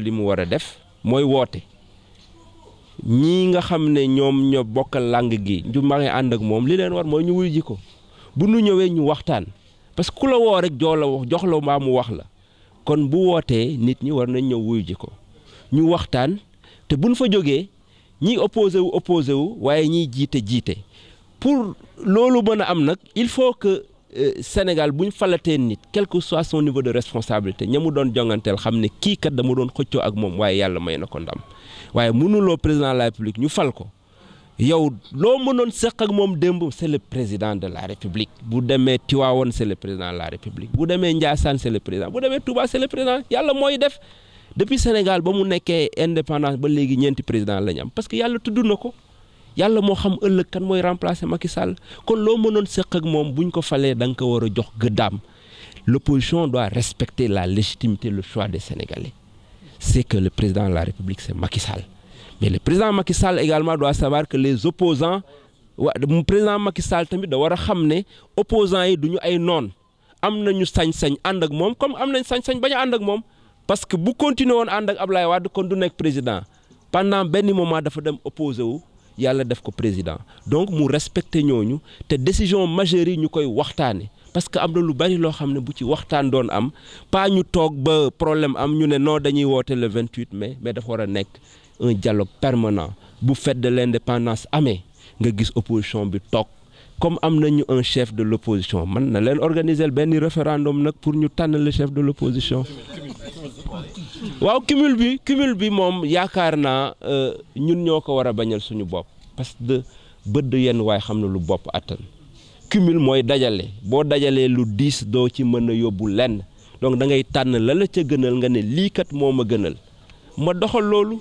li mu war a def mooy woote ñii nga xam ne ñoom ñoo bokkal làng gi ñu magi ànd ak moom li leen war mooy ñu wuy ji ko bu nu ñëwee ñu waxtaan parce que ku la woo rek joo la jox la maa mu wax la kon bu wootee nit ñi war nañ ñëw wuy ji ko ñu waxtaan te bu buñ fa jógee ñi opposé wu opposé wu waaye ñiy jiite jiite pour loolu mën a am nag il faut que Euh, Sénégal bu ñu falatee nit quel que soit niveau de responsabilité ña mu doon jonganteel xam ne kii kat dama doon xëccoo ak moom waaye yàlla may na ko ndam waaye mënuloo président de la république ñu fal ko yow loo mënoon seq ak moom démb c'est le président de la république bu demee Tivaouane se le président de la république bu demee Ndiassane c'est le président bu demee Touba c'est le président yàlla mooy def depuis Sénégal ba mu nekkee indépendance ba léegi ñeenti président la ñu parce que yàlla tudd na ko. yàlla moo xam ëllëg kan mooy remplacer Macky Sall kon loo mënoon seq ak moom bu ñu ko falee danga ko war a jox gëddaam l'opposition a respecter la légitimité le choix des Sénégalais c'est que le président de la République c'est Macky mais le président Macky Sall également doit savoir que les opposants wa président Macky Sall tamit da war a xam ne opposants yi du ñu ay noon am na ñu sañ-sañ ànd ak moom comme am nañ sañ-sañ bañ a ànd ak moom parce que bu continuer woon ànd ak Ablaye Wade kon du nekk président pendant benn moment dafa dem opposé wu yàlla def ko président donc mu respecté ñooñu te décision majeure yi ñu koy waxtaane parce que am na lu bari loo xam ne bu ci waxtaan doon am pas ñu toog ba problème am ñu ne noo dañuy woote le 28 mai mais dafa war a nekk un dialogue permanent bu fête de l'indépendance amee nga gis opposition bi toog comme am nañu un chef de l'opposition mën na leen organiser benn référendum nag pour ñu tànn le chef de l'opposition waaw cumul bi cumul bi moom yaakaar naa euh, ñun ñoo ko war a bañal suñu bopp parce que bëdd yenn waaye xam na lu bopp attan cumul mooy dajale boo dajalee lu diis doo ci mën a yóbbu lenn donc da ngay tànn la la ca gënal nga ne liikat kat moo ma gënal ma doxal loolu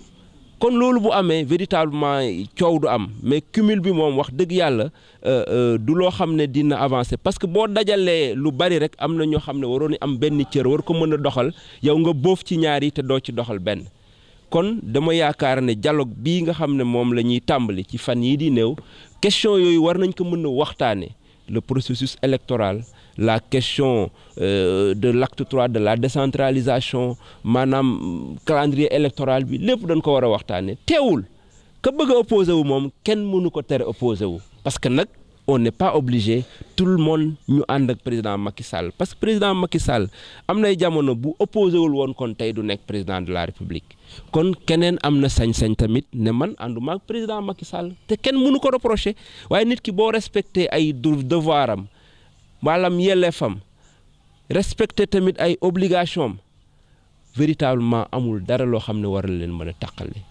kon loolu bu amee véritablement coow du am mais cumul bi moom wax dëgg yàlla euh, euh, du loo xam ne dina avancer parce que boo dajalee lu bari rek am na ñoo xam ne waroo waroon am benn cër war ko mën a doxal yow nga boof ci ñaar yi te doo ci doxal benn kon dama yaakaar ne dialogue bii nga xam ne moom la ñuy tàmbali ci fan yii di néew question yooyu war nañ ko mën a waxtaanee. le processus électoral la question euh, de l'acte trois de la décentralisation maanaam calendrier électoral bi lépp dañ ko war a waxtaane teewul ka bëgg a wu moom kenn mënu ko tere opposé wu parce que nag on n'est pas obligé tout le monde ñu ànd ak président Macky Sall parce que président Macky Sall am nay jamono bu opposé wul woon kon tey du nekk président de la République kon keneen am na sañ-sañ tamit ne man ànduma ak président Macky Sall te kenn mënu ko reprocher waaye nit ki boo respecté ay devoir am maanaam yelleefam respecté tamit ay obligation am véritablement amul dara loo xam ne war leen mën a tàqale.